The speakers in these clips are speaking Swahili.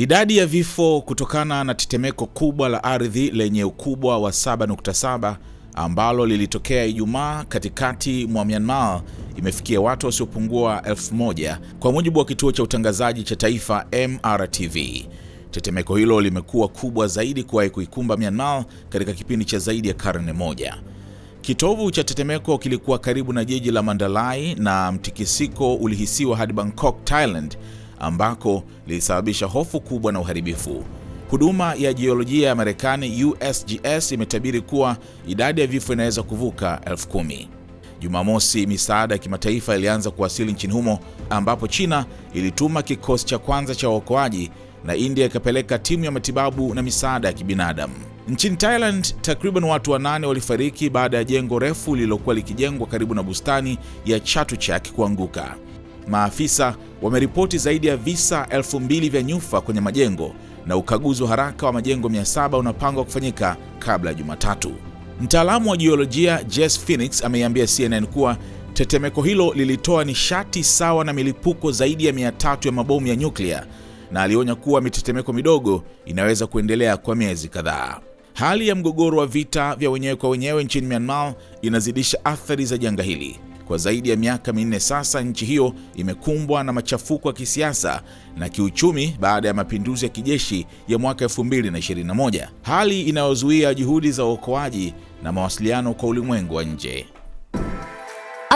Idadi ya vifo kutokana na tetemeko kubwa la ardhi lenye ukubwa wa 7.7 ambalo lilitokea Ijumaa katikati mwa Myanmar imefikia watu wasiopungua 1000 kwa mujibu wa kituo cha utangazaji cha taifa MRTV. Tetemeko hilo limekuwa kubwa zaidi kuwahi kuikumba Myanmar katika kipindi cha zaidi ya karne moja. Kitovu cha tetemeko kilikuwa karibu na jiji la Mandalay na mtikisiko ulihisiwa hadi Bangkok, Thailand ambako lilisababisha hofu kubwa na uharibifu. Huduma ya jiolojia ya Marekani USGS imetabiri kuwa idadi ya vifo inaweza kuvuka elfu kumi. Jumamosi, misaada ya kimataifa ilianza kuwasili nchini humo ambapo China ilituma kikosi cha kwanza cha uokoaji na India ikapeleka timu ya matibabu na misaada ya kibinadamu. Nchini Thailand, takriban watu wanane walifariki baada ya jengo refu lililokuwa likijengwa karibu na bustani ya Chatuchak kuanguka. Maafisa wameripoti zaidi ya visa 2000 vya nyufa kwenye majengo na ukaguzi wa haraka wa majengo 700 unapangwa kufanyika kabla ya Jumatatu. Mtaalamu wa jiolojia Jess Phoenix ameiambia CNN kuwa tetemeko hilo lilitoa nishati sawa na milipuko zaidi ya 300 ya mabomu ya nyuklia na alionya kuwa mitetemeko midogo inaweza kuendelea kwa miezi kadhaa. Hali ya mgogoro wa vita vya wenyewe kwa wenyewe nchini Myanmar inazidisha athari za janga hili. Kwa zaidi ya miaka minne sasa, nchi hiyo imekumbwa na machafuko ya kisiasa na kiuchumi baada ya mapinduzi ya kijeshi ya mwaka 2021, hali inayozuia juhudi za uokoaji na mawasiliano kwa ulimwengu wa nje.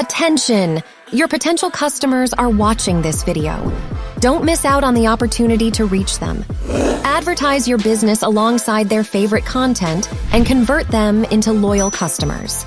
Attention, your potential customers are watching this video. Don't miss out on the opportunity to reach them. Advertise your business alongside their favorite content and convert them into loyal customers.